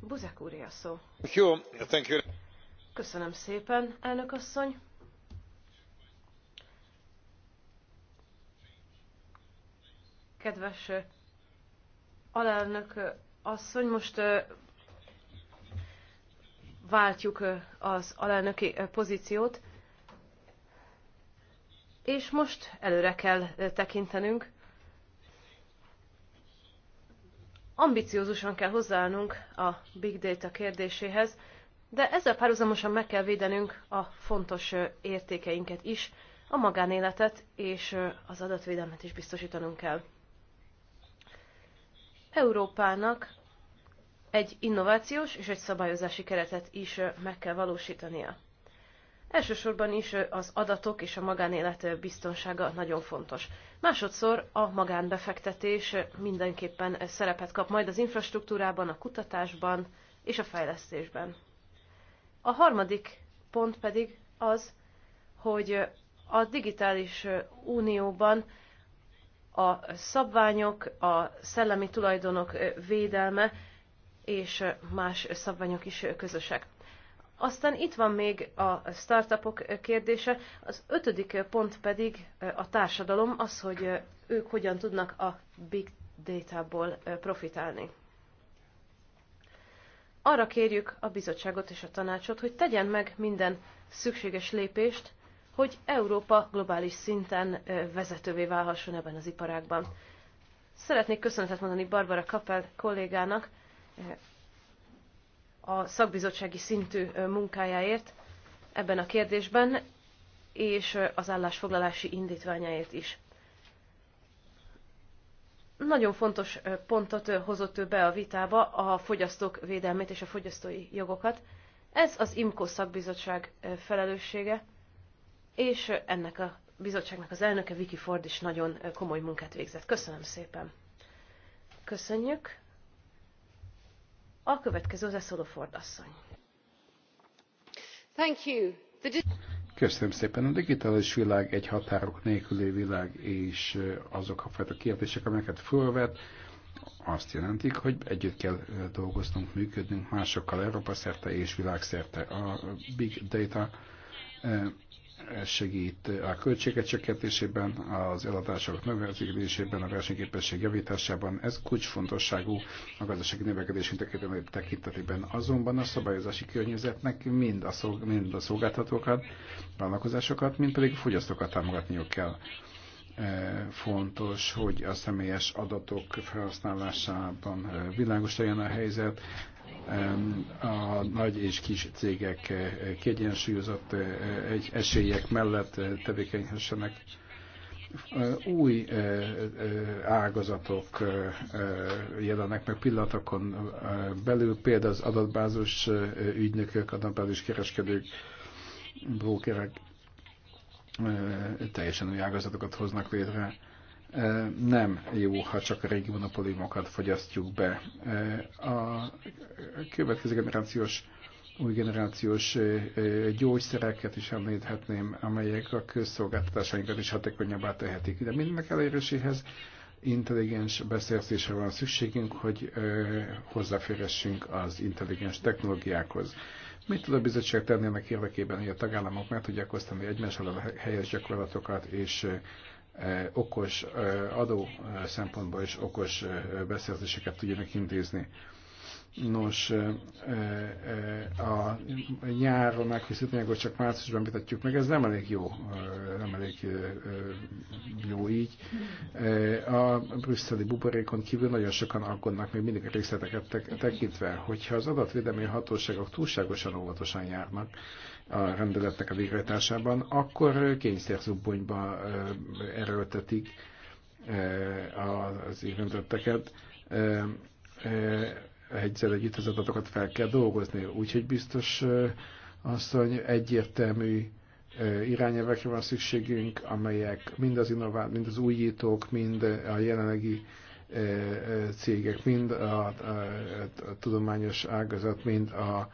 Buzek úr, a szó. Köszönöm szépen, elnök asszony. Kedves alelnök asszony, most váltjuk az alelnöki pozíciót, és most előre kell tekintenünk. ambiciózusan kell hozzáállnunk a big data kérdéséhez, de ezzel párhuzamosan meg kell védenünk a fontos értékeinket is, a magánéletet és az adatvédelmet is biztosítanunk kell. Európának egy innovációs és egy szabályozási keretet is meg kell valósítania. Elsősorban is az adatok és a magánélet biztonsága nagyon fontos. Másodszor a magánbefektetés mindenképpen szerepet kap majd az infrastruktúrában, a kutatásban és a fejlesztésben. A harmadik pont pedig az, hogy a digitális unióban a szabványok, a szellemi tulajdonok védelme és más szabványok is közösek. Aztán itt van még a startupok kérdése, az ötödik pont pedig a társadalom, az, hogy ők hogyan tudnak a big data-ból profitálni. Arra kérjük a bizottságot és a tanácsot, hogy tegyen meg minden szükséges lépést, hogy Európa globális szinten vezetővé válhasson ebben az iparágban. Szeretnék köszönetet mondani Barbara Kapel kollégának, a szakbizottsági szintű munkájáért ebben a kérdésben, és az állásfoglalási indítványáért is. Nagyon fontos pontot hozott ő be a vitába, a fogyasztók védelmét és a fogyasztói jogokat. Ez az IMCO szakbizottság felelőssége, és ennek a bizottságnak az elnöke Vicky Ford is nagyon komoly munkát végzett. Köszönöm szépen! Köszönjük! A következő hozzászóló Ford asszony. Thank you. The... Köszönöm szépen. A digitális világ egy határok nélküli világ, és azok a fajta kérdések, amelyeket fölvet, azt jelentik, hogy együtt kell dolgoznunk, működnünk másokkal Európa szerte és világszerte. A big data segít a költségek csökkentésében, az eladások növekedésében, a versenyképesség javításában. Ez kulcsfontosságú a gazdasági növekedés tekintetében. Azonban a szabályozási környezetnek mind a, szolg, mind a szolgáltatókat, vállalkozásokat, mind pedig a fogyasztókat támogatniuk kell e, fontos, hogy a személyes adatok felhasználásában e, világos legyen a helyzet, a nagy és kis cégek eh, kiegyensúlyozott eh, egy esélyek mellett eh, tevékenyhessenek. Új ágazatok jelennek meg pillanatokon belül, például az adatbázis ügynökök, adatbázis kereskedők, brókerek teljesen új ágazatokat hoznak létre nem jó, ha csak a régi monopóliumokat fogyasztjuk be. A következő generációs, új generációs gyógyszereket is említhetném, amelyek a közszolgáltatásainkat is hatékonyabbá tehetik. De mindennek eléréséhez intelligens beszerzésre van szükségünk, hogy hozzáférhessünk az intelligens technológiákhoz. Mit tud a bizottság tenni ennek érdekében, hogy a tagállamok meg tudják osztani egymással a helyes gyakorlatokat, és Eh, okos eh, adó eh, szempontból is okos beszerzéseket tudjanak intézni. Nos, a nyárról megkészült anyagot csak márciusban vitatjuk meg, ez nem elég jó, nem elég jó így. A brüsszeli buborékon kívül nagyon sokan aggódnak még mindig a részleteket tekintve, hogyha az adatvédelmi hatóságok túlságosan óvatosan járnak, a rendeletnek a végrehajtásában, akkor kényszerzubbonyba erőltetik az érintetteket. Egyszer együtt az adatokat fel kell dolgozni, úgyhogy biztos asszony egyértelmű irányelvekre van szükségünk, amelyek mind az innovált, mind az újítók, mind a jelenlegi cégek, mind a, a, a tudományos ágazat, mind a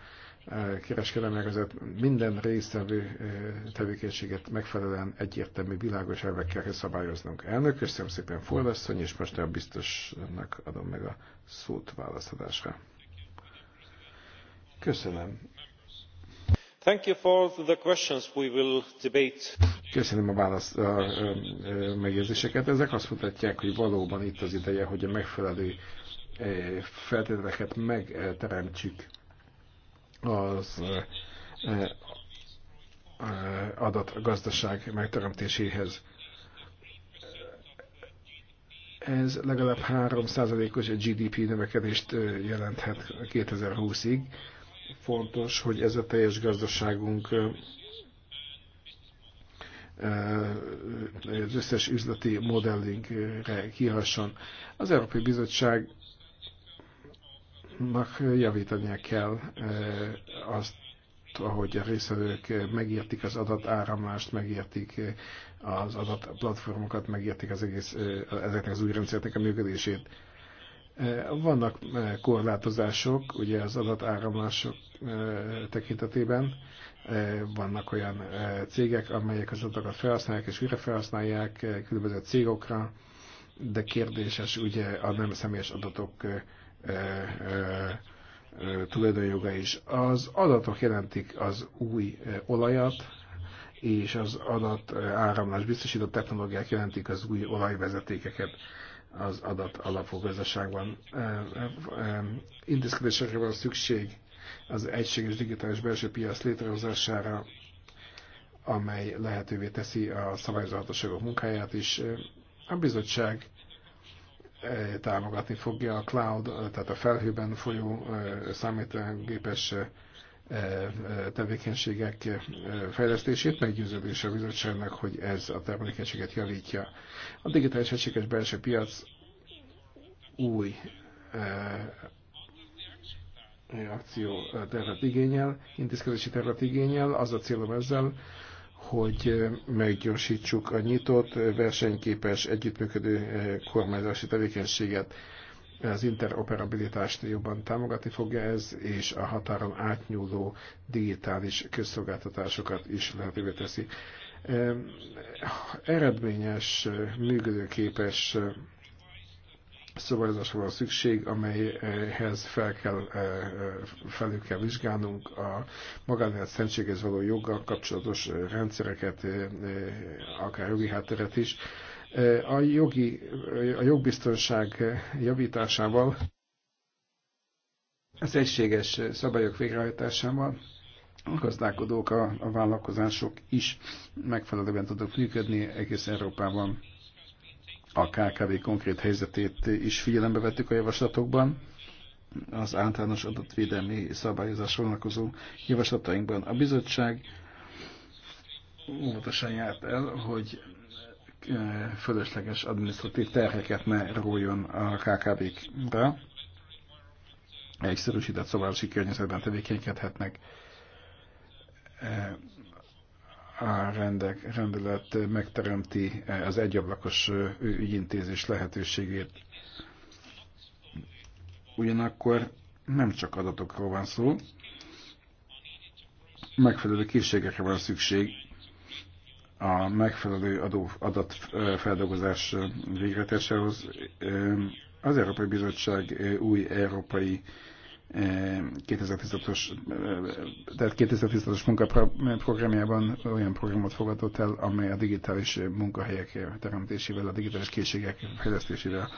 Eh, kereskedelmi azért minden résztvevő eh, tevékenységet megfelelően egyértelmű, világos elvekkel kell szabályoznunk. Elnök, köszönöm szépen fordasszony, és most a biztosnak adom meg a szót választásra. Köszönöm. Thank you for the questions we will debate. Köszönöm a válasz a, a, a megjegyzéseket. Ezek azt mutatják, hogy valóban itt az ideje, hogy a megfelelő eh, feltételeket megteremtsük az adatgazdaság megteremtéséhez. Ez legalább 3%-os GDP növekedést jelenthet 2020-ig. Fontos, hogy ez a teljes gazdaságunk az összes üzleti modellingre kihasson. Az Európai Bizottság Nak javítania kell azt, ahogy a részvevők megértik az adatáramlást, megértik az adatplatformokat, megértik az egész, ezeknek az új rendszereknek a működését. Vannak korlátozások, ugye az adatáramlások tekintetében, vannak olyan cégek, amelyek az adatokat felhasználják és újra felhasználják különböző cégokra, de kérdéses ugye a nem személyes adatok tulajdonjoga is. Az adatok jelentik az új olajat, és az adat áramlás biztosított technológiák jelentik az új olajvezetékeket az adat alapú gazdaságban. Intézkedésekre van szükség az egységes digitális belső piac létrehozására, amely lehetővé teszi a szabályozatosságok munkáját is. A bizottság támogatni fogja a cloud, tehát a felhőben folyó számítógépes tevékenységek fejlesztését, meggyőződés a bizottságnak, hogy ez a termelékenységet javítja. A digitális egységes belső piac új akció tervet igényel, intézkedési tervet igényel, az a célom ezzel, hogy meggyorsítsuk a nyitott, versenyképes, együttműködő kormányzási tevékenységet. Az interoperabilitást jobban támogatni fogja ez, és a határon átnyúló digitális közszolgáltatásokat is lehetővé teszi. Eredményes, működőképes szabályozásra van szükség, amelyhez fel kell, eh, eh, felül kell vizsgálnunk a magánélet szentséghez való joggal kapcsolatos eh, rendszereket, akár jogi hátteret is. A, jogi, a jogbiztonság javításával, az egységes szabályok végrehajtásával a gazdálkodók, a, a vállalkozások is megfelelően tudnak működni egész Európában a KKV konkrét helyzetét is figyelembe vettük a javaslatokban, az általános adatvédelmi szabályozás vonalkozó javaslatainkban. A bizottság óvatosan járt el, hogy e, fölösleges adminisztratív terheket ne rójon a KKV-kra. Egyszerűsített szabályozási környezetben tevékenykedhetnek e, a rendek, rendelet megteremti az egyablakos ügyintézés lehetőségét. Ugyanakkor nem csak adatokról van szó, megfelelő készségekre van szükség a megfelelő adó, adatfeldolgozás végretesehoz. Az Európai Bizottság új európai 2015-ös, tehát 2015-ös munkaprogramjában olyan programot fogadott el, amely a digitális munkahelyek teremtésével, a digitális készségek fejlesztésével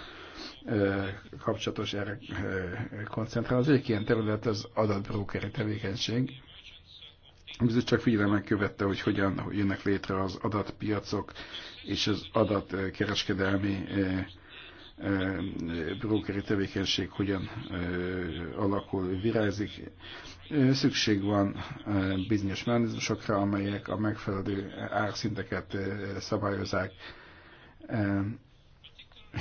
kapcsolatos erre koncentrál. Az egyik ilyen terület az adatbrókeri tevékenység. Biztos csak figyelemmel követte, hogy hogyan jönnek létre az adatpiacok és az adatkereskedelmi kereskedelmi brókeri tevékenység hogyan alakul, virázik. Szükség van bizonyos mechanizmusokra, amelyek a megfelelő árszinteket szabályozák,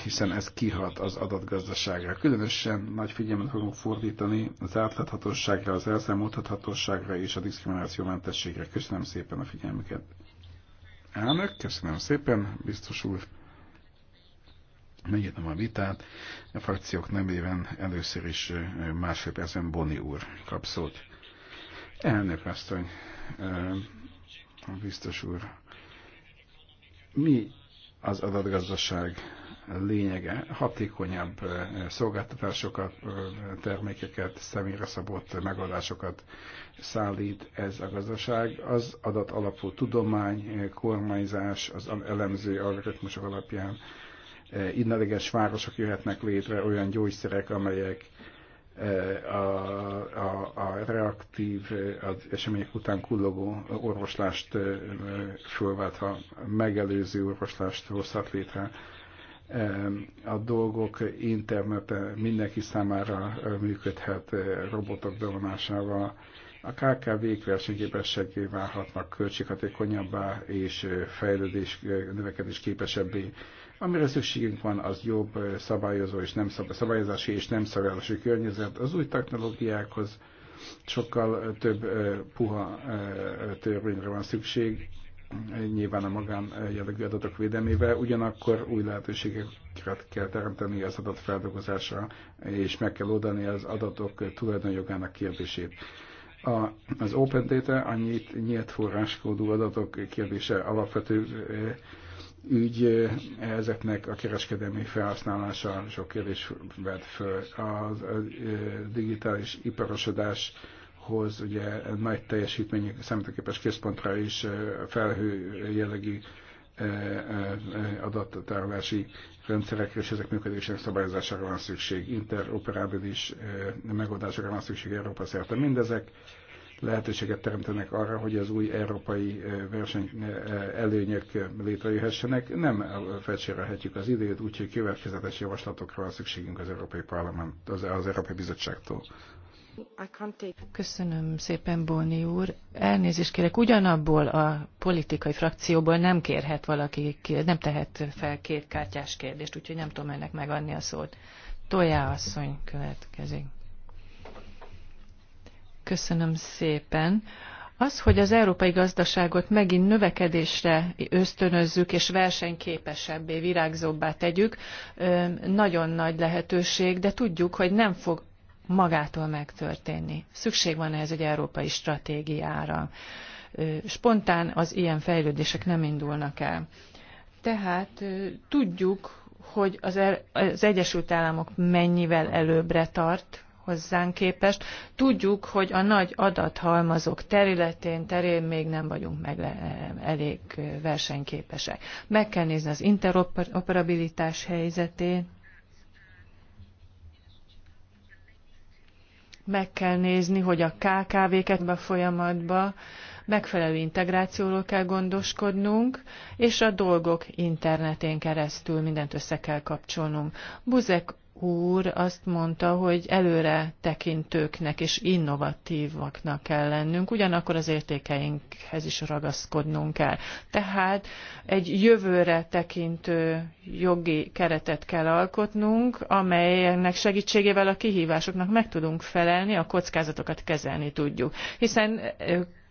hiszen ez kihat az adatgazdaságra. Különösen nagy figyelmet fogunk fordítani az átláthatóságra, az elszámoltathatóságra és a diszkriminációmentességre. Köszönöm szépen a figyelmüket. Elnök, köszönöm szépen, biztos úr. Megnyitom a vitát. A frakciók nevében először is másfél percben Boni úr kap szót. Elnök asszony, biztos úr, mi az adatgazdaság lényege hatékonyabb szolgáltatásokat, termékeket, személyre szabott megoldásokat szállít ez a gazdaság. Az adat alapú tudomány, kormányzás, az elemző algoritmusok alapján E, innerleges városok jöhetnek létre, olyan gyógyszerek, amelyek e, a, a, a reaktív, e, az események után kullogó orvoslást fölváltva megelőző orvoslást hozhat létre. A dolgok internete mindenki számára működhet robotok bevonásával, a kkv versenyképességé válhatnak költséghatékonyabbá és fejlődés, növekedés képesebbé. Amire szükségünk van, az jobb szabályozó és nem szab- szabályozási és nem szabályozási környezet. Az új technológiákhoz sokkal több puha törvényre van szükség, nyilván a magán jellegű adatok védelmével, ugyanakkor új lehetőségeket kell teremteni az adatfeldolgozásra, és meg kell oldani az adatok tulajdonjogának kérdését. A, az Open Data, a nyílt, forráskódú adatok kérdése alapvető ügy, ezeknek a kereskedelmi felhasználása sok kérdés vett föl. A, a, a digitális iparosodás hoz ugye nagy teljesítményű számítógépes központra is felhő jellegű adattárolási rendszerekre és ezek működésének szabályozására van szükség, interoperábilis megoldásokra van szükség Európa szerte. Mindezek lehetőséget teremtenek arra, hogy az új európai verseny előnyök létrejöhessenek. Nem fecsérelhetjük az időt, úgyhogy következetes javaslatokra van szükségünk az Európai Parlament, az, az Európai Bizottságtól. Köszönöm szépen, Bóni úr. Elnézést kérek, ugyanabból a politikai frakcióból nem kérhet valaki, nem tehet fel két kártyás kérdést, úgyhogy nem tudom ennek megadni a szót. Tojá asszony következik. Köszönöm szépen. Az, hogy az európai gazdaságot megint növekedésre ösztönözzük és versenyképesebbé, virágzóbbá tegyük, nagyon nagy lehetőség, de tudjuk, hogy nem fog magától megtörténni. Szükség van ehhez egy európai stratégiára. Spontán az ilyen fejlődések nem indulnak el. Tehát tudjuk, hogy az, er- az Egyesült Államok mennyivel előbbre tart hozzánk képest. Tudjuk, hogy a nagy adathalmazok területén, terén még nem vagyunk meg eh, elég eh, versenyképesek. Meg kell nézni az interoperabilitás helyzetét, meg kell nézni, hogy a KKV-ket a folyamatba megfelelő integrációról kell gondoskodnunk, és a dolgok internetén keresztül mindent össze kell kapcsolnunk. Buzek úr azt mondta, hogy előre tekintőknek és innovatívaknak kell lennünk, ugyanakkor az értékeinkhez is ragaszkodnunk kell. Tehát egy jövőre tekintő jogi keretet kell alkotnunk, amelynek segítségével a kihívásoknak meg tudunk felelni, a kockázatokat kezelni tudjuk. Hiszen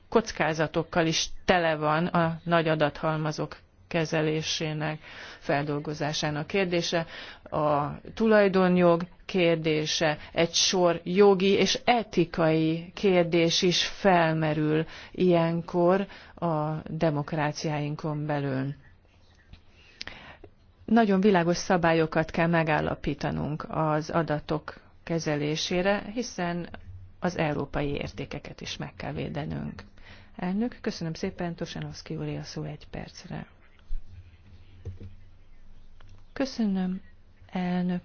kockázatokkal is tele van a nagy adathalmazok kezelésének, feldolgozásának kérdése a tulajdonjog kérdése, egy sor jogi és etikai kérdés is felmerül ilyenkor a demokráciáinkon belül. Nagyon világos szabályokat kell megállapítanunk az adatok kezelésére, hiszen az európai értékeket is meg kell védenünk. Elnök, köszönöm szépen, Tosanovszki úr, a szó egy percre. Köszönöm, elnök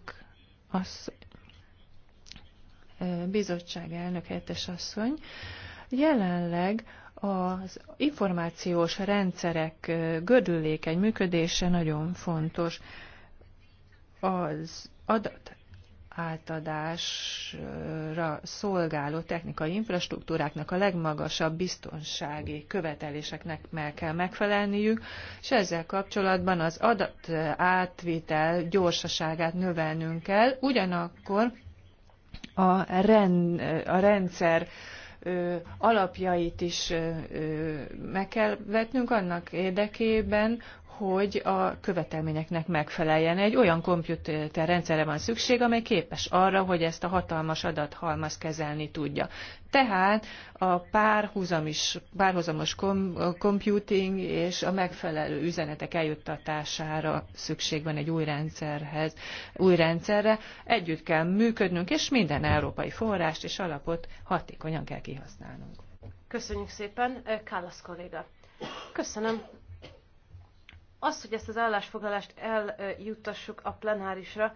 az bizottság elnök helyettes asszony, jelenleg az információs rendszerek gördülékeny működése nagyon fontos. Az adat átadásra szolgáló technikai infrastruktúráknak a legmagasabb biztonsági követeléseknek meg kell megfelelniük, és ezzel kapcsolatban az adat átvitel gyorsaságát növelnünk kell, ugyanakkor a, rend, a rendszer ö, alapjait is ö, meg kell vetnünk annak érdekében, hogy a követelményeknek megfeleljen. Egy olyan rendszerre van szükség, amely képes arra, hogy ezt a hatalmas adathalmaz kezelni tudja. Tehát a párhuzamos, párhuzamos kom, computing és a megfelelő üzenetek eljuttatására szükség van egy új rendszerhez, új rendszerre. Együtt kell működnünk, és minden európai forrást és alapot hatékonyan kell kihasználnunk. Köszönjük szépen, Kálasz kolléga. Köszönöm, az, hogy ezt az állásfoglalást eljuttassuk a plenárisra,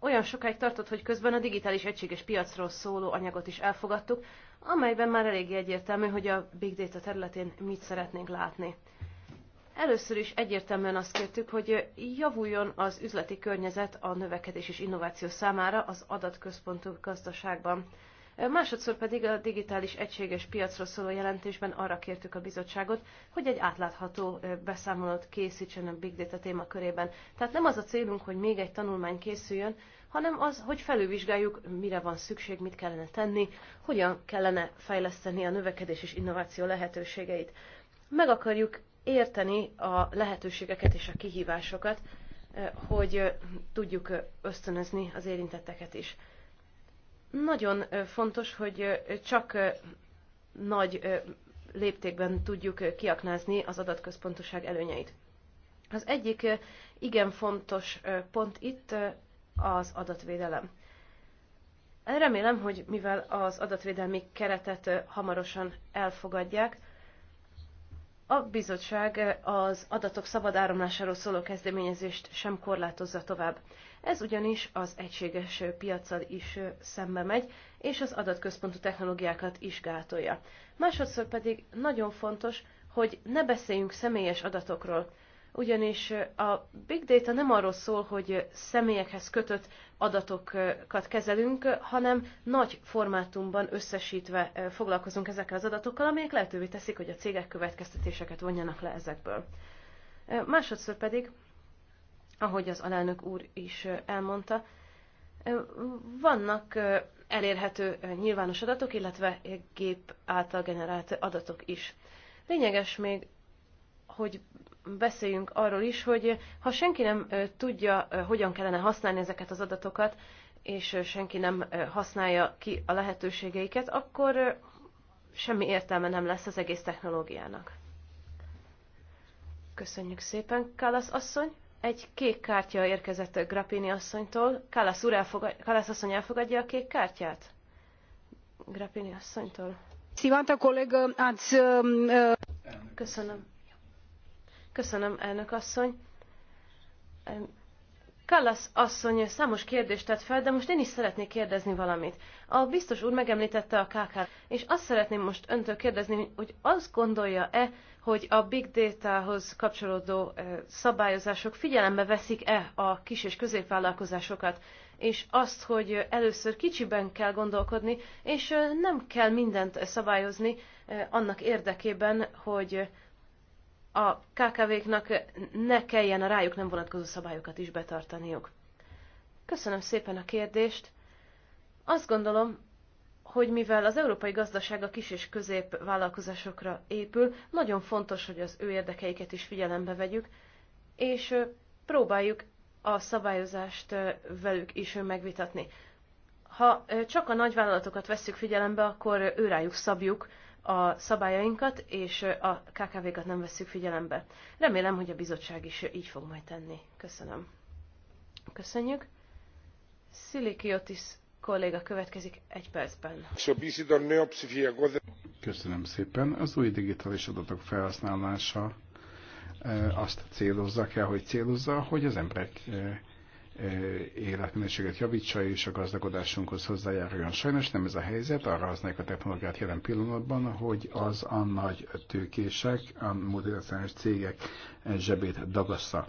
olyan sokáig tartott, hogy közben a digitális egységes piacról szóló anyagot is elfogadtuk, amelyben már eléggé egyértelmű, hogy a Big Data területén mit szeretnénk látni. Először is egyértelműen azt kértük, hogy javuljon az üzleti környezet a növekedés és innováció számára az adatközpontú gazdaságban. Másodszor pedig a digitális egységes piacról szóló jelentésben arra kértük a bizottságot, hogy egy átlátható beszámolót készítsen a Big Data témakörében. Tehát nem az a célunk, hogy még egy tanulmány készüljön, hanem az, hogy felülvizsgáljuk, mire van szükség, mit kellene tenni, hogyan kellene fejleszteni a növekedés és innováció lehetőségeit. Meg akarjuk érteni a lehetőségeket és a kihívásokat, hogy tudjuk ösztönözni az érintetteket is. Nagyon fontos, hogy csak nagy léptékben tudjuk kiaknázni az adatközpontoság előnyeit. Az egyik igen fontos pont itt az adatvédelem. Remélem, hogy mivel az adatvédelmi keretet hamarosan elfogadják, a bizottság az adatok szabad áramlásáról szóló kezdeményezést sem korlátozza tovább. Ez ugyanis az egységes piacsal is szembe megy, és az adatközpontú technológiákat is gátolja. Másodszor pedig nagyon fontos, hogy ne beszéljünk személyes adatokról, ugyanis a big data nem arról szól, hogy személyekhez kötött adatokat kezelünk, hanem nagy formátumban összesítve foglalkozunk ezekkel az adatokkal, amelyek lehetővé teszik, hogy a cégek következtetéseket vonjanak le ezekből. Másodszor pedig ahogy az alelnök úr is elmondta, vannak elérhető nyilvános adatok, illetve gép által generált adatok is. Lényeges még, hogy beszéljünk arról is, hogy ha senki nem tudja, hogyan kellene használni ezeket az adatokat, és senki nem használja ki a lehetőségeiket, akkor semmi értelme nem lesz az egész technológiának. Köszönjük szépen, Kálasz asszony! Egy kék kártya érkezett Grappini asszonytól. Kalasz, úr elfogad... Kalasz asszony elfogadja a kék kártyát? Grappini asszonytól. Szívánta kollega, az. Hát, Köszönöm. Köszönöm, elnök asszony. Kallas asszony számos kérdést tett fel, de most én is szeretnék kérdezni valamit. A biztos úr megemlítette a kk és azt szeretném most öntől kérdezni, hogy azt gondolja-e, hogy a big datahoz kapcsolódó szabályozások figyelembe veszik-e a kis és középvállalkozásokat, és azt, hogy először kicsiben kell gondolkodni, és nem kell mindent szabályozni annak érdekében, hogy a KKV-knak ne kelljen a rájuk nem vonatkozó szabályokat is betartaniuk. Köszönöm szépen a kérdést. Azt gondolom, hogy mivel az európai gazdaság a kis és közép vállalkozásokra épül, nagyon fontos, hogy az ő érdekeiket is figyelembe vegyük, és próbáljuk a szabályozást velük is megvitatni. Ha csak a nagyvállalatokat vesszük figyelembe, akkor őrájuk szabjuk a szabályainkat, és a KKV-kat nem veszük figyelembe. Remélem, hogy a bizottság is így fog majd tenni. Köszönöm. Köszönjük. Szilikiotis kolléga következik egy percben. Köszönöm szépen. Az új digitális adatok felhasználása eh, azt célozza kell, hogy célozza, hogy az emberek eh, életminőséget javítsa és a gazdagodásunkhoz hozzájáruljon. Sajnos nem ez a helyzet, arra használjuk a technológiát jelen pillanatban, hogy az a nagy tőkések, a multinacionális cégek zsebét dagassa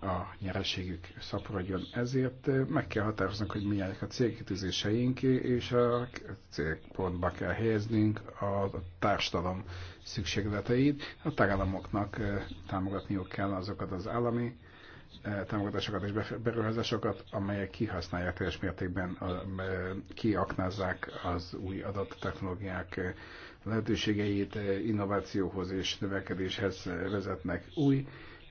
a nyereségük szaporodjon. Ezért meg kell határoznunk, hogy milyenek a célkitűzéseink, és a célpontba kell helyeznünk a társadalom szükségleteit. A tagállamoknak támogatniuk kell azokat az állami Eh, támogatásokat és beruházásokat, amelyek kihasználják teljes mértékben, kiaknázzák az új adattechnológiák eh, lehetőségeit, eh, innovációhoz és növekedéshez vezetnek új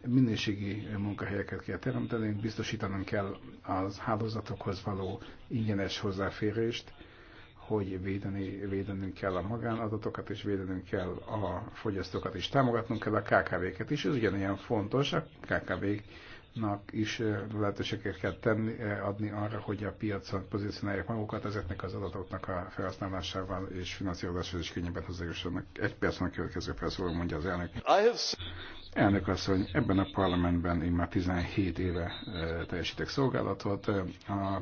minőségi munkahelyeket kell teremteni, biztosítanunk kell az hálózatokhoz való ingyenes hozzáférést, hogy védeni, védenünk kell a magánadatokat, és védenünk kell a fogyasztókat is, támogatnunk kell a KKV-ket is, ez ugyanilyen fontos, a KKV-k nak is lehetőségeket tenni, adni arra, hogy a piacon pozícionálják magukat, ezeknek az adatoknak a felhasználásával és finanszírozáshoz is könnyebben hozzájussanak. Egy a következő felszóló mondja az elnök. Elnök asszony, ebben a parlamentben én már 17 éve teljesítek szolgálatot. A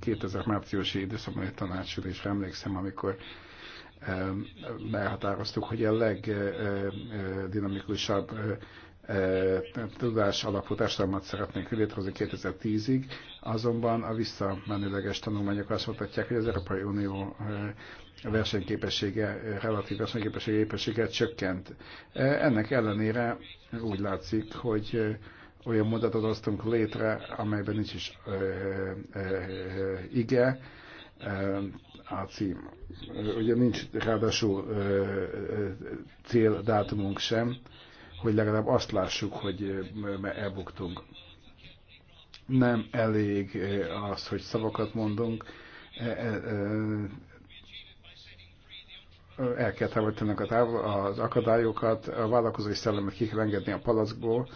2000 márciusi időszakban egy tanácsülésre emlékszem, amikor elhatároztuk, hogy a legdinamikusabb tudás alapú társadalmat szeretnénk létrehozni 2010-ig, azonban a visszamenőleges tanulmányok azt mutatják, hogy az Európai Unió versenyképessége, relatív versenyképessége épessége csökkent. Ennek ellenére úgy látszik, hogy olyan mondatot hoztunk létre, amelyben nincs is ige, a cím. Ugye nincs ráadásul céldátumunk sem, hogy legalább azt lássuk, hogy elbuktunk. Nem elég az, hogy szavakat mondunk, e, e, el kell távolítani az akadályokat, a vállalkozói szellemet ki kell engedni a palackból,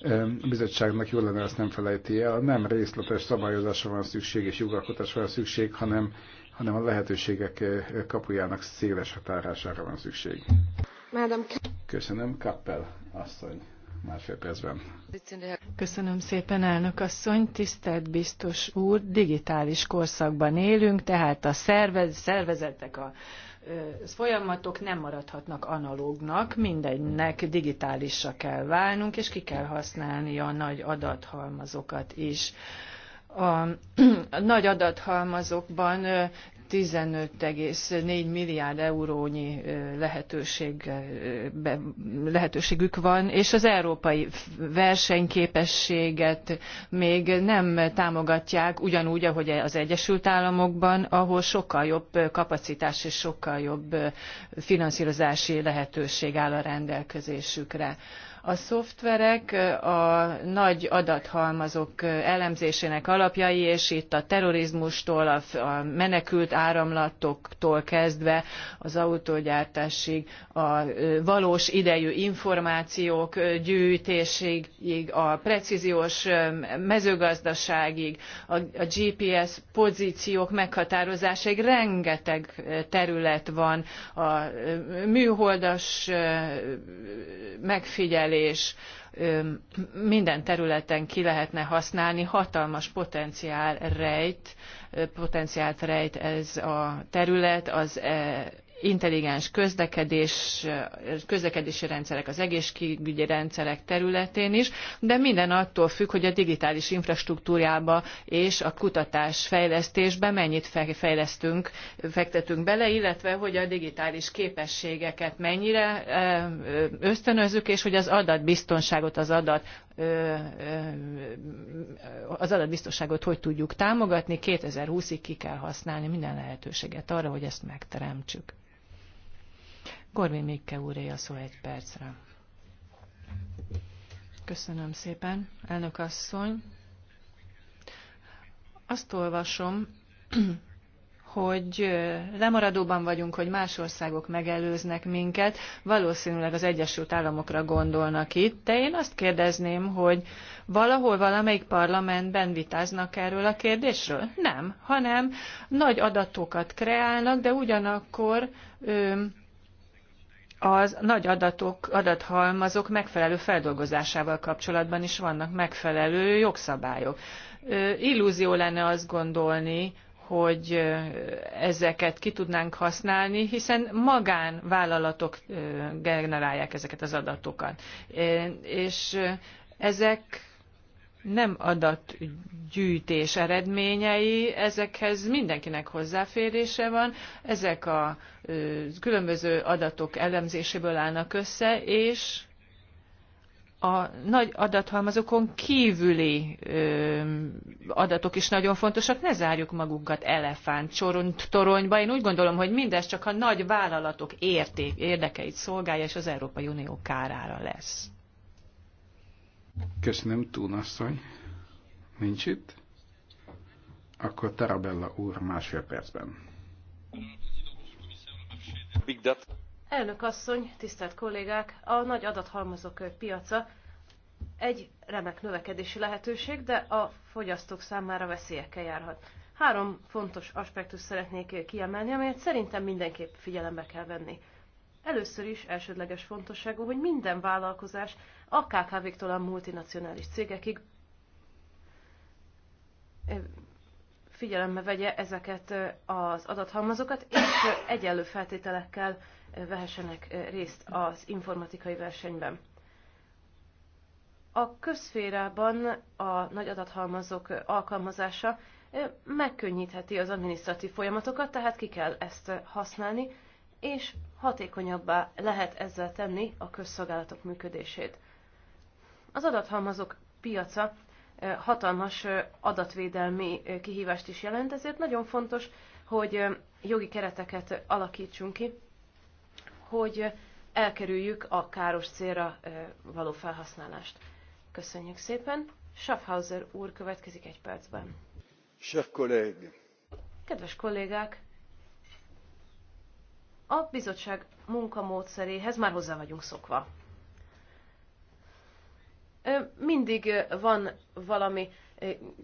a bizottságnak jó lenne, ezt nem felejti el, nem részletes szabályozásra van szükség és jogalkotásra van szükség, hanem, hanem a lehetőségek kapujának széles határására van szükség. Köszönöm, Kappel asszony. Másfél percben. Köszönöm szépen, elnök asszony, tisztelt biztos úr, digitális korszakban élünk, tehát a szervez, szervezetek, a folyamatok nem maradhatnak analógnak, mindegynek digitálisra kell válnunk, és ki kell használni a nagy adathalmazokat is a, nagy adathalmazokban 15,4 milliárd eurónyi lehetőség, lehetőségük van, és az európai versenyképességet még nem támogatják ugyanúgy, ahogy az Egyesült Államokban, ahol sokkal jobb kapacitás és sokkal jobb finanszírozási lehetőség áll a rendelkezésükre. A szoftverek a nagy adathalmazok elemzésének alapjai, és itt a terrorizmustól, a menekült áramlatoktól kezdve az autógyártásig, a valós idejű információk gyűjtéséig, a precíziós mezőgazdaságig, a GPS pozíciók meghatározásáig rengeteg terület van, a műholdas megfigyelés, kezelés minden területen ki lehetne használni, hatalmas potenciál rejt, potenciált rejt ez a terület, az e, intelligens közlekedés, közlekedési rendszerek, az egészségügyi rendszerek területén is, de minden attól függ, hogy a digitális infrastruktúrába és a kutatás fejlesztésbe mennyit fejlesztünk, fektetünk bele, illetve hogy a digitális képességeket mennyire ösztönözzük, és hogy az adatbiztonságot, az adat az adatbiztonságot hogy tudjuk támogatni, 2020-ig ki kell használni minden lehetőséget arra, hogy ezt megteremtsük. Korvin Mikke úré a szó egy percre. Köszönöm szépen, elnök asszony. Azt olvasom, hogy lemaradóban vagyunk, hogy más országok megelőznek minket, valószínűleg az Egyesült Államokra gondolnak itt, de én azt kérdezném, hogy valahol valamelyik parlamentben vitáznak erről a kérdésről? Nem, hanem nagy adatokat kreálnak, de ugyanakkor ö, az nagy adatok, adathalmazok megfelelő feldolgozásával kapcsolatban is vannak megfelelő jogszabályok. Illúzió lenne azt gondolni, hogy ezeket ki tudnánk használni, hiszen magánvállalatok generálják ezeket az adatokat. És ezek nem adatgyűjtés eredményei, ezekhez mindenkinek hozzáférése van, ezek a különböző adatok elemzéséből állnak össze, és a nagy adathalmazokon kívüli ö, adatok is nagyon fontosak, ne zárjuk magunkat elefánt toronyba. Én úgy gondolom, hogy mindez csak a nagy vállalatok érték, érdekeit szolgálja, és az Európai Unió kárára lesz. Köszönöm, túlnasszony. Nincs itt? Akkor Tarabella úr másfél percben. Big Elnök asszony, tisztelt kollégák! A nagy adathalmazok piaca egy remek növekedési lehetőség, de a fogyasztók számára veszélyekkel járhat. Három fontos aspektus szeretnék kiemelni, amelyet szerintem mindenképp figyelembe kell venni. Először is elsődleges fontosságú, hogy minden vállalkozás, a KKV-któl a multinacionális cégekig figyelembe vegye ezeket az adathalmazokat, és egyenlő feltételekkel vehessenek részt az informatikai versenyben. A közférában a nagy adathalmazok alkalmazása megkönnyítheti az adminisztratív folyamatokat, tehát ki kell ezt használni, és hatékonyabbá lehet ezzel tenni a közszolgálatok működését. Az adathalmazok piaca hatalmas adatvédelmi kihívást is jelent, ezért nagyon fontos, hogy jogi kereteket alakítsunk ki, hogy elkerüljük a káros célra való felhasználást. Köszönjük szépen. Schaffhauser úr következik egy percben. Kedves kollégák, a bizottság munkamódszeréhez már hozzá vagyunk szokva. Mindig van valami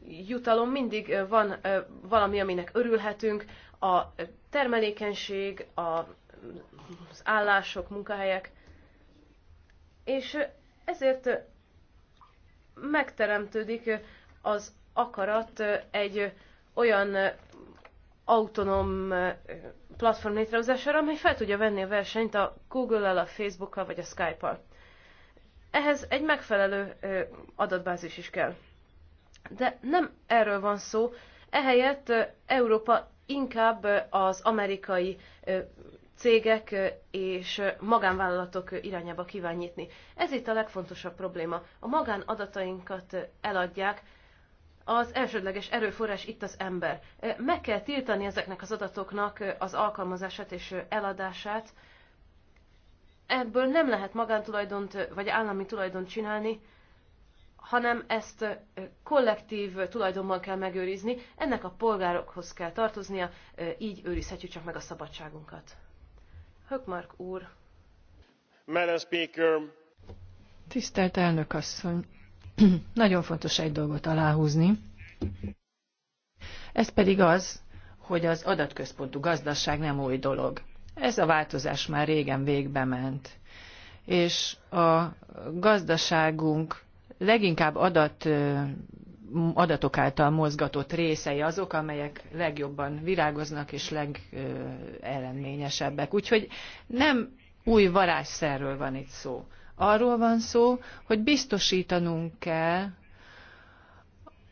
jutalom, mindig van valami, aminek örülhetünk. A termelékenység, az állások, munkahelyek. És ezért megteremtődik az akarat egy olyan autonóm platform létrehozására, amely fel tudja venni a versenyt a Google-el, a Facebook-kal vagy a Skype-al. Ehhez egy megfelelő adatbázis is kell. De nem erről van szó, ehelyett Európa inkább az amerikai cégek és magánvállalatok irányába kíván nyitni. Ez itt a legfontosabb probléma. A magánadatainkat eladják, az elsődleges erőforrás itt az ember. Meg kell tiltani ezeknek az adatoknak az alkalmazását és eladását. Ebből nem lehet magántulajdont vagy állami tulajdont csinálni, hanem ezt kollektív tulajdonban kell megőrizni, ennek a polgárokhoz kell tartoznia, így őrizhetjük csak meg a szabadságunkat. Hökmark úr. Madam Speaker. Tisztelt elnök asszony, Nagyon fontos egy dolgot aláhúzni. Ez pedig az, hogy az adatközpontú gazdaság nem új dolog. Ez a változás már régen végbe ment. És a gazdaságunk leginkább adat, adatok által mozgatott részei azok, amelyek legjobban virágoznak és legellenményesebbek. Úgyhogy nem új varázsszerről van itt szó. Arról van szó, hogy biztosítanunk kell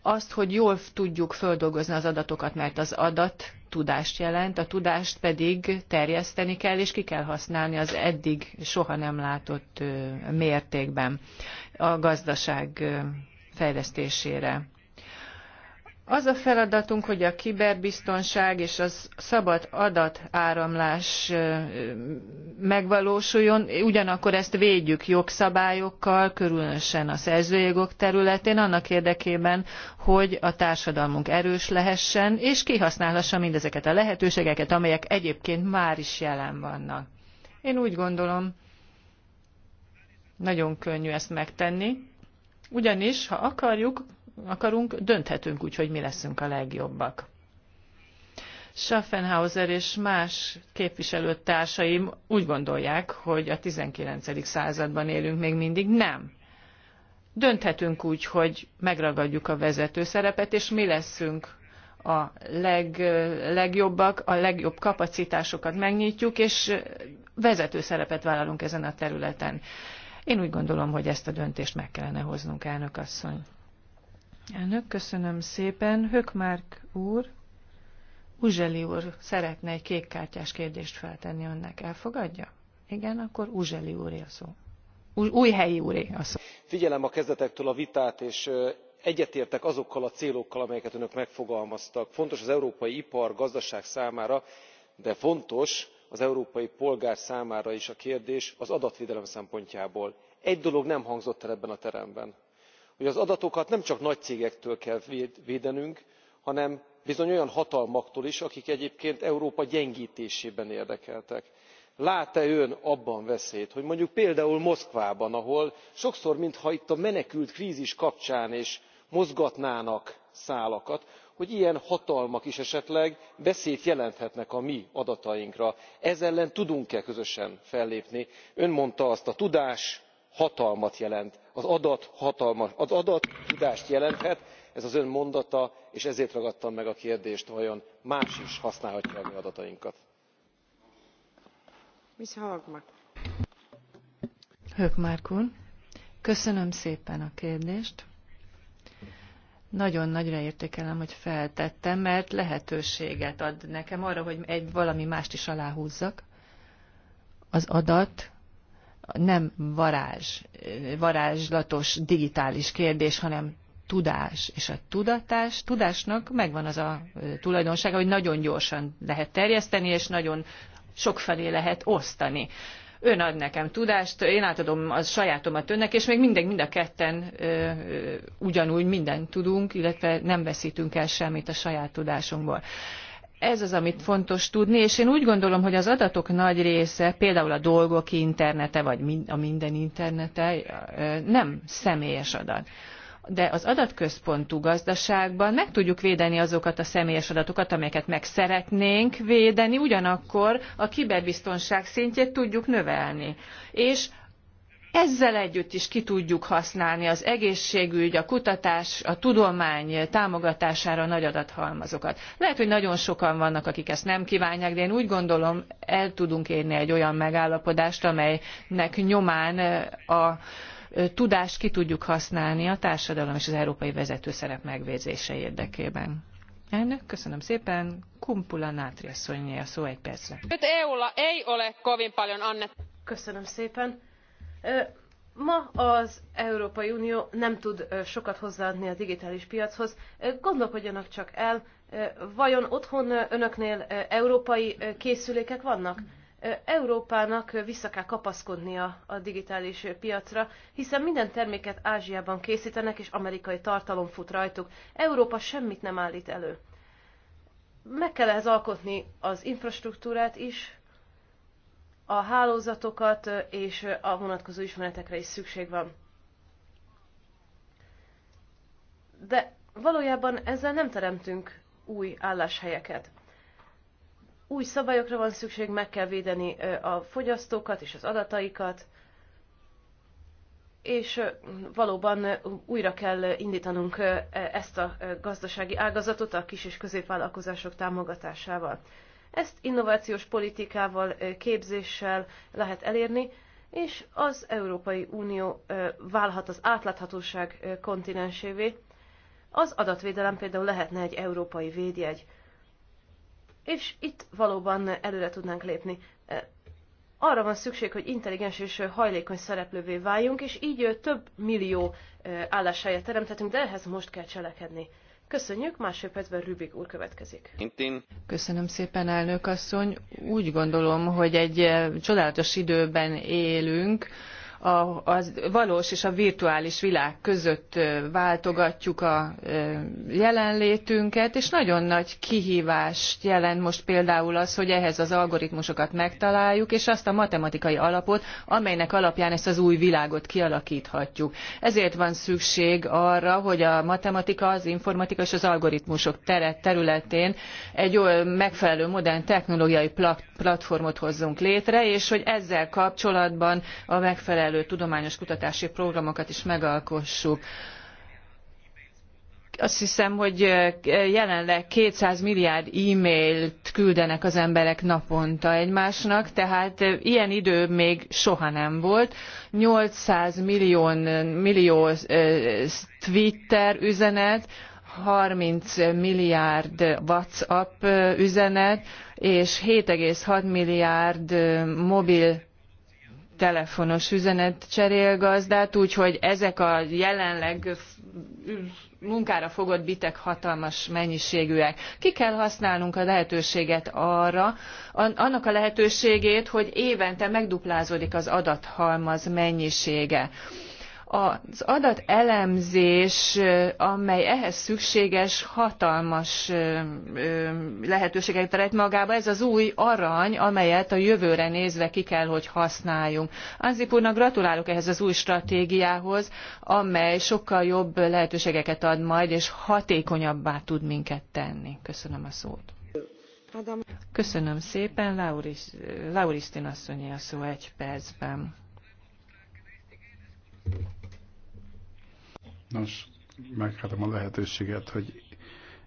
azt, hogy jól tudjuk földolgozni az adatokat, mert az adat tudást jelent, a tudást pedig terjeszteni kell, és ki kell használni az eddig soha nem látott mértékben a gazdaság fejlesztésére. Az a feladatunk, hogy a kiberbiztonság és a szabad adatáramlás megvalósuljon, ugyanakkor ezt védjük jogszabályokkal, különösen a szerzőjogok területén, annak érdekében, hogy a társadalmunk erős lehessen, és kihasználhassa mindezeket a lehetőségeket, amelyek egyébként már is jelen vannak. Én úgy gondolom, nagyon könnyű ezt megtenni, ugyanis, ha akarjuk, akarunk, dönthetünk úgy, hogy mi leszünk a legjobbak. Schaffenhauser és más képviselőtársaim úgy gondolják, hogy a 19. században élünk még mindig. Nem. Dönthetünk úgy, hogy megragadjuk a vezető szerepet, és mi leszünk a leg, legjobbak, a legjobb kapacitásokat megnyitjuk, és vezető szerepet vállalunk ezen a területen. Én úgy gondolom, hogy ezt a döntést meg kellene hoznunk, elnök asszony. Elnök, köszönöm szépen. Hökmárk úr, Uzseli úr szeretne egy kékkártyás kérdést feltenni önnek. Elfogadja? Igen, akkor Uzseli úré a szó. helyi úré a szó. Figyelem a kezdetektől a vitát, és egyetértek azokkal a célokkal amelyeket önök megfogalmaztak. fontos az európai ipar gazdaság számára de fontos az európai polgár számára is a kérdés az adatvédelem szempontjából. egy dolog nem hangzott el ebben a teremben hogy az adatokat nem csak nagy cégektől kell védenünk hanem bizony olyan hatalmaktól is akik egyébként európa gyengtésében érdekeltek. lát e ön abban veszélyt hogy mondjuk például moszkvában ahol sokszor mintha itt a menekültkrzis kapcsán is mozgatnának szálakat hogy ilyen hatalmak is esetleg veszélyt jelenthetnek a mi adatainkra? ez ellen tudunk e közösen fellépni? ön mondta azt a tudás hatalmat jelent az adat tudást jelenthet ez az ön mondata és ezért ragadtam meg a kérdést vajon más is használhatja a mi adatainkat? köszönöm szépen a kérdést. Nagyon nagyra értékelem, hogy feltettem, mert lehetőséget ad nekem arra, hogy egy valami mást is aláhúzzak. Az adat nem varázs, varázslatos digitális kérdés, hanem tudás. És a tudatás, tudásnak megvan az a tulajdonsága, hogy nagyon gyorsan lehet terjeszteni, és nagyon sokfelé lehet osztani. Ön ad nekem tudást, én átadom a sajátomat önnek, és még mindegy, mind a ketten ö, ö, ugyanúgy mindent tudunk, illetve nem veszítünk el semmit a saját tudásunkból ez az, amit fontos tudni, és én úgy gondolom, hogy az adatok nagy része, például a dolgok internete, vagy a minden internete nem személyes adat. De az adatközpontú gazdaságban meg tudjuk védeni azokat a személyes adatokat, amelyeket meg szeretnénk védeni, ugyanakkor a kiberbiztonság szintjét tudjuk növelni. És ezzel együtt is ki tudjuk használni az egészségügy, a kutatás, a tudomány támogatására a nagy adathalmazokat. Lehet, hogy nagyon sokan vannak, akik ezt nem kívánják, de én úgy gondolom, el tudunk érni egy olyan megállapodást, amelynek nyomán a tudást ki tudjuk használni a társadalom és az európai vezető szerep megvédése érdekében. Elnök, köszönöm szépen. Kumpula Nátri a szó egy percre. Köszönöm szépen Ma az Európai Unió nem tud sokat hozzáadni a digitális piachoz. Gondolkodjanak csak el, vajon otthon önöknél európai készülékek vannak? Európának vissza kell kapaszkodnia a digitális piacra, hiszen minden terméket Ázsiában készítenek, és amerikai tartalom fut rajtuk. Európa semmit nem állít elő. Meg kell ez alkotni az infrastruktúrát is, a hálózatokat és a vonatkozó ismeretekre is szükség van. De valójában ezzel nem teremtünk új álláshelyeket. Új szabályokra van szükség, meg kell védeni a fogyasztókat és az adataikat, és valóban újra kell indítanunk e, ezt a gazdasági ágazatot a kis és középvállalkozások támogatásával. Ezt innovációs politikával, képzéssel lehet elérni, és az Európai Unió válhat az átláthatóság kontinensévé. Az adatvédelem például lehetne egy európai védjegy. És itt valóban előre tudnánk lépni. Arra van szükség, hogy intelligens és hajlékony szereplővé váljunk, és így több millió álláshelyet teremthetünk, de ehhez most kell cselekedni. Köszönjük, másfél percben Rübik úr következik. Köszönöm szépen, elnök asszony. Úgy gondolom, hogy egy eh, csodálatos időben élünk, a, a valós és a virtuális világ között váltogatjuk a jelenlétünket, és nagyon nagy kihívást jelent most például az, hogy ehhez az algoritmusokat megtaláljuk, és azt a matematikai alapot, amelynek alapján ezt az új világot kialakíthatjuk. Ezért van szükség arra, hogy a matematika, az informatika és az algoritmusok teret, területén egy megfelelő modern technológiai platformot hozzunk létre, és hogy ezzel kapcsolatban a megfelelő megfelelő tudományos kutatási programokat is megalkossuk azt hiszem, hogy jelenleg 200 milliárd e-mailt küldenek az emberek naponta egymásnak, tehát ilyen idő még soha nem volt. 800 millió, millió Twitter üzenet, 30 milliárd WhatsApp üzenet, és 7,6 milliárd mobil telefonos üzenet cserél gazdát, úgyhogy ezek a jelenleg munkára fogott bitek hatalmas mennyiségűek. Ki kell használnunk a lehetőséget arra, annak a lehetőségét, hogy évente megduplázódik az adathalmaz mennyisége. Az adatelemzés, amely ehhez szükséges, hatalmas lehetőséget rejt magába. Ez az új arany, amelyet a jövőre nézve ki kell, hogy használjunk. Anzip úrnak gratulálok ehhez az új stratégiához, amely sokkal jobb lehetőségeket ad majd, és hatékonyabbá tud minket tenni. Köszönöm a szót. Köszönöm szépen, Lauris, Lauristin asszonyi a szó egy percben. Nos, megadom a lehetőséget, hogy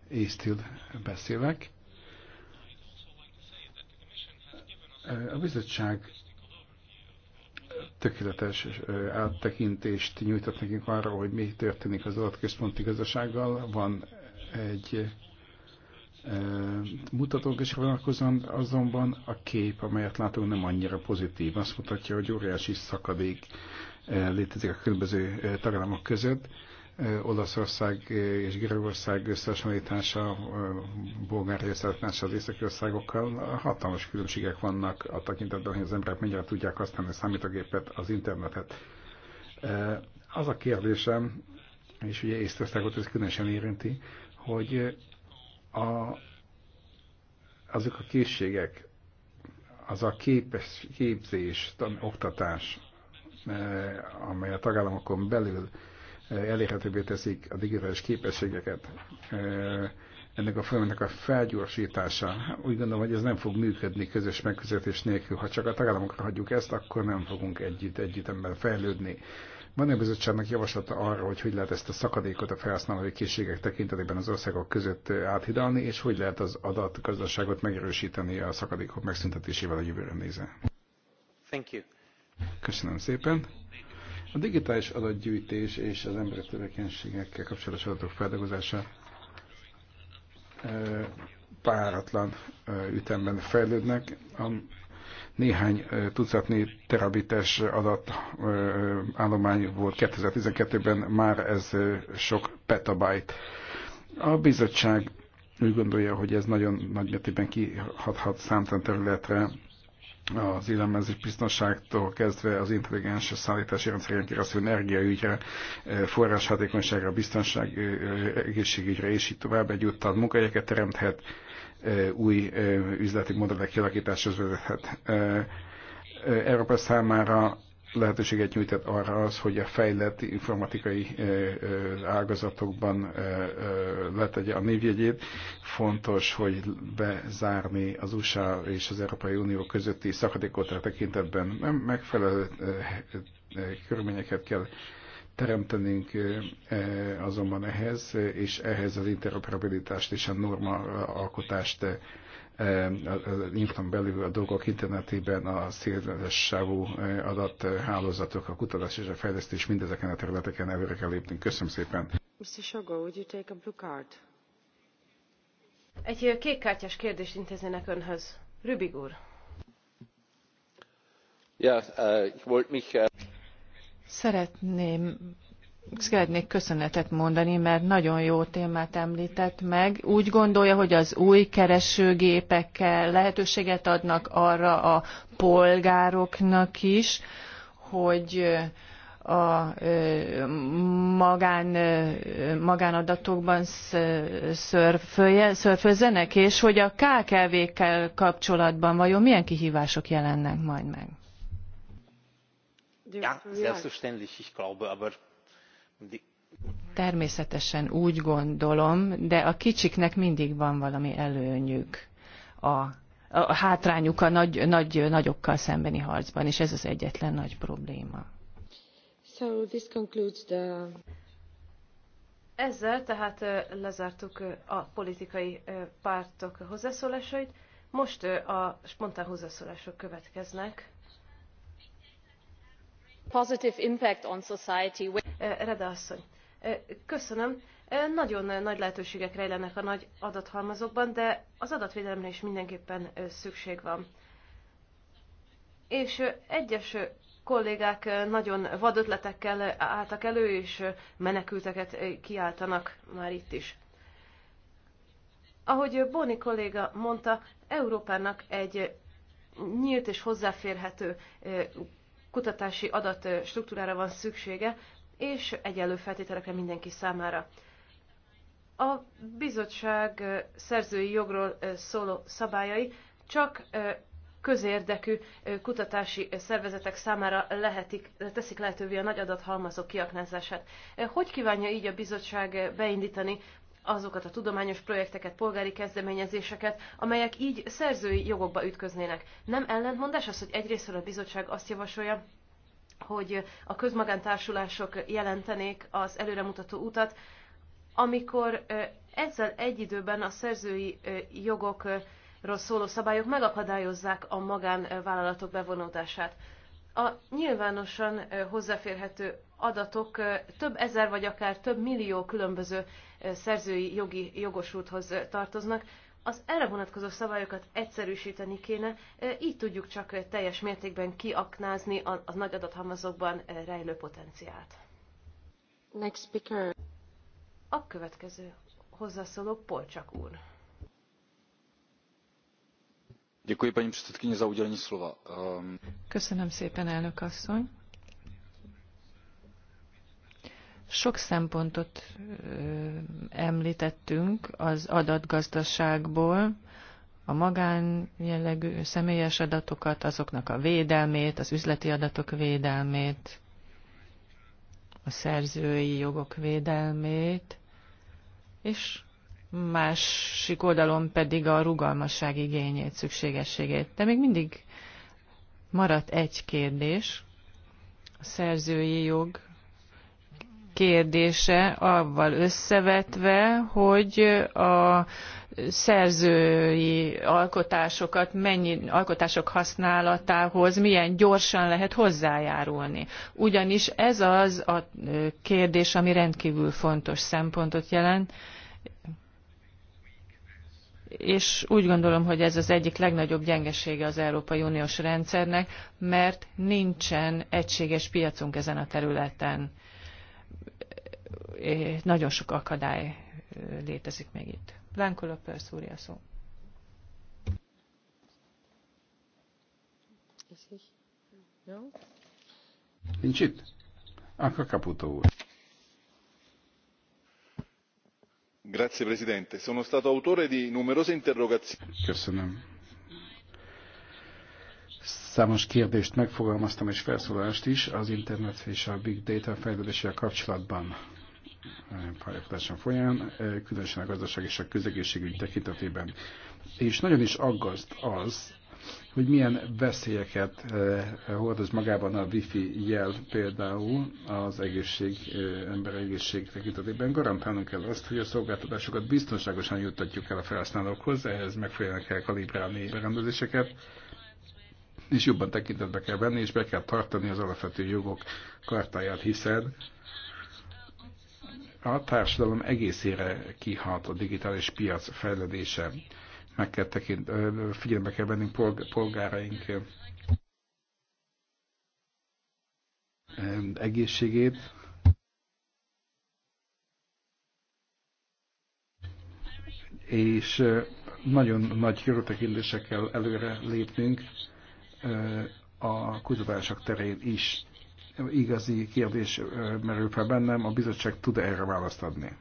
észtil beszélek. A bizottság tökéletes áttekintést nyújtott nekünk arra, hogy mi történik az adatközponti gazdasággal. Van egy mutatók is vonatkozóan azonban a kép, amelyet látunk, nem annyira pozitív. Azt mutatja, hogy óriási szakadék létezik a különböző tagállamok között Olaszország és Görögország összehasonlítása, Bulgária összehasonlítása az északi országokkal hatalmas különbségek vannak a tekintetben, hogy az emberek mennyire tudják használni a számítógépet, az internetet. Az a kérdésem, és ugye Észtországot ez különösen érinti, hogy a, azok a készségek, az a képes, képzés, oktatás, amely a tagállamokon belül elérhetővé teszik a digitális képességeket. Ennek a folyamatnak a felgyorsítása. Úgy gondolom, hogy ez nem fog működni közös megközelítés nélkül. Ha csak a tagállamokra hagyjuk ezt, akkor nem fogunk együtt, ember fejlődni. van egy bizottságnak javaslata arra, hogy hogy lehet ezt a szakadékot a felhasználói készségek tekintetében az országok között áthidalni, és hogy lehet az adatgazdaságot megerősíteni a szakadékok megszüntetésével a jövőre nézve? Thank you. Köszönöm szépen. A digitális adatgyűjtés és az emberi tevékenységekkel kapcsolatos adatok feldolgozása páratlan ütemben fejlődnek. A néhány tucatnyi terabites adat állomány volt 2012-ben, már ez sok petabyte. A bizottság úgy gondolja, hogy ez nagyon nagy mértékben kihathat számtalan területre, az élelmezés biztonságtól kezdve az intelligens szállítási rendszeren keresztül energiaügyre, eh, forráshatékonyságra, biztonság, eh, eh, egészségügyre és így tovább egyúttal munkahelyeket teremthet, új üzleti modellek kialakításhoz vezethet. Európa számára lehetőséget nyújtott arra az, hogy a fejlett informatikai ágazatokban letegye a névjegyét. Fontos, hogy bezárni az USA és az Európai Unió közötti szakadékot a tekintetben. Megfelelő körülményeket kell teremtenünk azonban ehhez, és ehhez az interoperabilitást és a norma alkotást infon belül a dolgok internetében a széles sávú adathálózatok, a kutatás és a fejlesztés mindezeken a területeken előre kell lépni. Köszönöm szépen. Mr. Sogo, would you take a blue card? Egy kékkártyás kérdést intéznének önhöz. Rübig úr. Ja, uh, mich, uh... Szeretném szeretnék köszönetet mondani, mert nagyon jó témát említett meg. Úgy gondolja, hogy az új keresőgépekkel lehetőséget adnak arra a polgároknak is, hogy a magán, magánadatokban szörfözzenek, és hogy a KKV-kkel kapcsolatban vajon milyen kihívások jelennek majd meg? Ja, selbstverständlich, ich glaube, aber Természetesen úgy gondolom, de a kicsiknek mindig van valami előnyük a, a hátrányuk a nagy, nagy, nagyokkal szembeni harcban, és ez az egyetlen nagy probléma. So this concludes the... Ezzel tehát lezártuk a politikai pártok hozzászólásait. Most a spontán hozzászólások következnek positive impact on society. köszönöm. Nagyon nagy lehetőségek rejlenek a nagy adathalmazokban, de az adatvédelemre is mindenképpen szükség van. És egyes kollégák nagyon vad ötletekkel álltak elő, és menekülteket kiáltanak már itt is. Ahogy Boni kolléga mondta, Európának egy nyílt és hozzáférhető kutatási adat struktúrára van szüksége, és egyenlő feltételekre mindenki számára. A bizottság szerzői jogról szóló szabályai csak közérdekű kutatási szervezetek számára lehetik, teszik lehetővé a nagy adathalmazok kiaknázását. Hogy kívánja így a bizottság beindítani azokat a tudományos projekteket, polgári kezdeményezéseket, amelyek így szerzői jogokba ütköznének. Nem ellentmondás az, hogy egyrészt a bizottság azt javasolja, hogy a közmagántársulások jelentenék az előremutató utat, amikor ezzel egy időben a szerzői jogokról szóló szabályok megakadályozzák a magánvállalatok bevonódását. A nyilvánosan hozzáférhető adatok több ezer vagy akár több millió különböző szerzői jogi jogosulthoz tartoznak. Az erre vonatkozó szabályokat egyszerűsíteni kéne, így tudjuk csak teljes mértékben kiaknázni a, a nagy adathalmazokban rejlő potenciált. Next speaker. A következő hozzászóló Polcsak úr. Děkuji, paní předsedkyně, za udělení slova. Um... Köszönöm szépen, elnök asszony. Sok szempontot említettünk az adatgazdaságból, a magán jellegű személyes adatokat, azoknak a védelmét, az üzleti adatok védelmét, a szerzői jogok védelmét, és másik oldalon pedig a rugalmasság igényét, szükségességét. De még mindig maradt egy kérdés, a szerzői jog kérdése avval összevetve, hogy a szerzői alkotásokat, mennyi alkotások használatához milyen gyorsan lehet hozzájárulni. Ugyanis ez az a kérdés, ami rendkívül fontos szempontot jelent, és úgy gondolom, hogy ez az egyik legnagyobb gyengesége az Európai Uniós rendszernek, mert nincsen egységes piacunk ezen a területen nagyon sok akadály létezik még itt. Blanco López úr, a szó. Nincs itt? Akkor kaputó úr. Grazie Presidente. Sono stato autore di numerose interrogazioni. Köszönöm. Számos kérdést megfogalmaztam és felszólalást is az internet és a big data fejlődésével kapcsolatban pályafutásom folyán, eh, különösen a gazdaság és a közegészségügy tekintetében. És nagyon is aggaszt az, hogy milyen veszélyeket eh, hordoz magában a wifi jel például az egészség, eh, ember egészség tekintetében. Garantálnunk kell azt, hogy a szolgáltatásokat biztonságosan juttatjuk el a felhasználókhoz, ehhez megfelelően kell kalibrálni berendezéseket, és jobban tekintetbe kell venni, és be kell tartani az alapvető jogok kartáját, hiszen a társadalom egészére kihat a digitális piac fejlődése. Meg kell tekint, figyelme kell venni polgáraink egészségét. És nagyon nagy körültekintésekkel előre lépnünk a kutatások terén is Igazi kérdés merül fel bennem, a bizottság tud -e erre választ adni?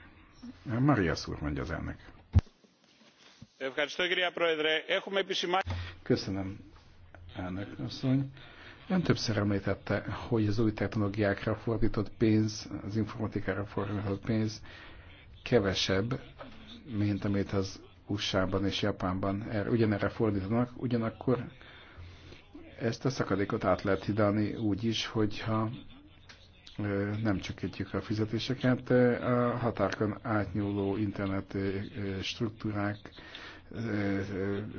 Maria úr mondja az elnök. Köszönöm, elnök asszony. Ön többször említette, hogy az új technológiákra fordított pénz, az informatikára fordított pénz kevesebb, mint amit az USA-ban és Japánban er-, ugyanerre fordítanak, ugyanakkor ezt a szakadékot át lehet hidalni úgy is, hogyha nem csökkentjük a fizetéseket, a határkon átnyúló internet struktúrák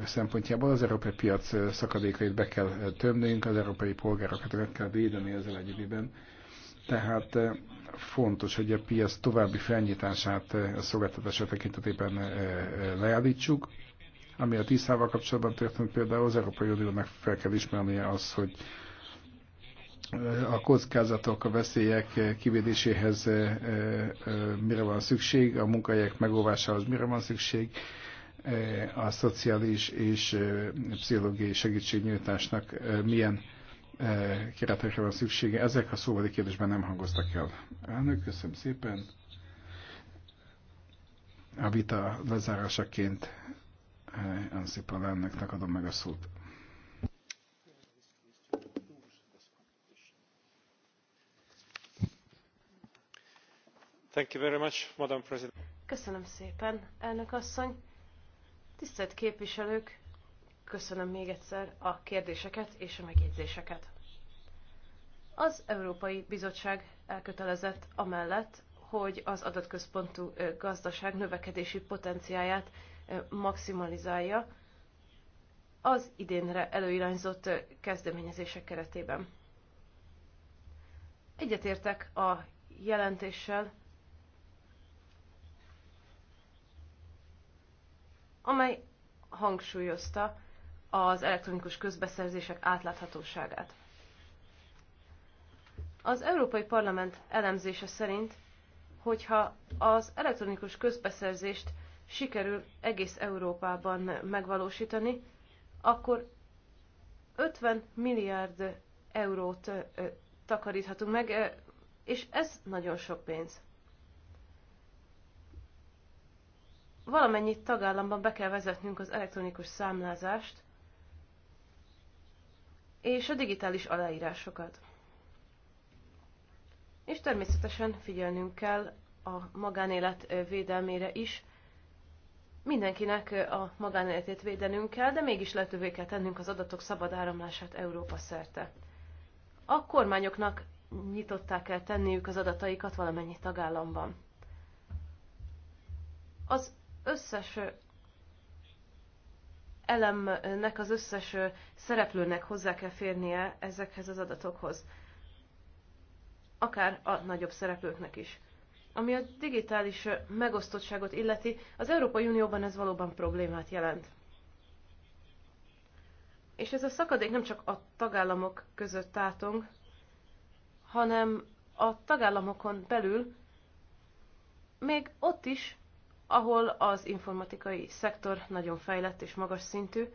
szempontjából az európai piac szakadékait be kell tömnünk, az európai polgárokat meg kell védeni ezzel egyébben. Tehát fontos, hogy a piac további felnyitását a szolgáltatása tekintetében leállítsuk, ami a tisztával kapcsolatban történt például, az Európai Uniónak fel kell ismernie az, hogy a kockázatok, a veszélyek kivédéséhez eh, eh, mire van szükség, a munkahelyek megóvásához mire van szükség, eh, a szociális és pszichológiai segítségnyújtásnak milyen keretekre van szüksége. Ezek a szóvali kérdésben nem hangoztak el. Elnök, köszönöm szépen. A vita lezárásaként szépen Lennek adom meg a szót. Thank you very much, Madam President. Köszönöm szépen, elnök asszony. Tisztelt képviselők, köszönöm még egyszer a kérdéseket és a megjegyzéseket. Az Európai Bizottság elkötelezett amellett, hogy az adatközpontú gazdaság növekedési potenciáját maximalizálja az idénre előirányzott kezdeményezések keretében. Egyetértek a jelentéssel, amely hangsúlyozta az elektronikus közbeszerzések átláthatóságát. Az Európai Parlament elemzése szerint, hogyha az elektronikus közbeszerzést sikerül egész Európában megvalósítani, akkor 50 milliárd eurót takaríthatunk meg, és ez nagyon sok pénz. Valamennyi tagállamban be kell vezetnünk az elektronikus számlázást és a digitális aláírásokat. És természetesen figyelnünk kell a magánélet védelmére is, mindenkinek a magánéletét védenünk kell, de mégis lehetővé kell tennünk az adatok szabad áramlását Európa szerte. A kormányoknak nyitották kell tenniük az adataikat valamennyi tagállamban. Az összes elemnek, az összes szereplőnek hozzá kell férnie ezekhez az adatokhoz. Akár a nagyobb szereplőknek is. Ami a digitális megosztottságot illeti, az Európai Unióban ez valóban problémát jelent. És ez a szakadék nem csak a tagállamok között átong, hanem a tagállamokon belül még ott is, ahol az informatikai szektor nagyon fejlett és magas szintű,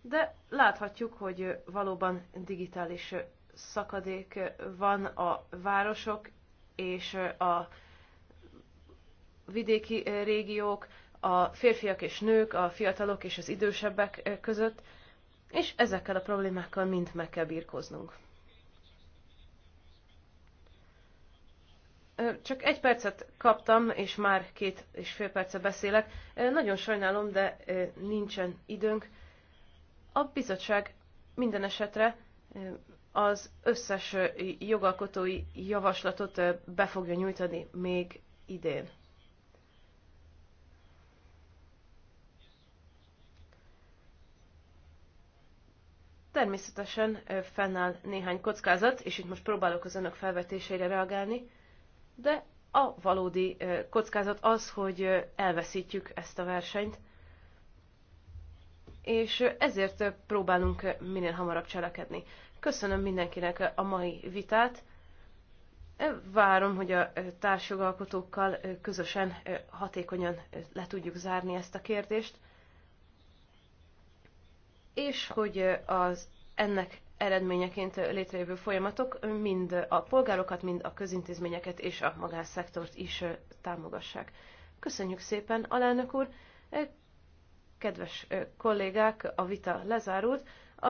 de láthatjuk, hogy valóban digitális szakadék van a városok és a vidéki régiók, a férfiak és nők, a fiatalok és az idősebbek között, és ezekkel a problémákkal mind meg kell birkoznunk. Csak egy percet kaptam, és már két és fél perce beszélek. Nagyon sajnálom, de nincsen időnk. A bizottság minden esetre az összes jogalkotói javaslatot be fogja nyújtani még idén. Természetesen fennáll néhány kockázat, és itt most próbálok az önök felvetéseire reagálni, de a valódi kockázat az, hogy elveszítjük ezt a versenyt, és ezért próbálunk minél hamarabb cselekedni. Köszönöm mindenkinek a mai vitát. Várom, hogy a társjogalkotókkal közösen hatékonyan le tudjuk zárni ezt a kérdést, és hogy az ennek eredményeként létrejövő folyamatok mind a polgárokat, mind a közintézményeket és a magánszektort is támogassák. Köszönjük szépen, alelnök úr! Kedves kollégák, a vita lezárult.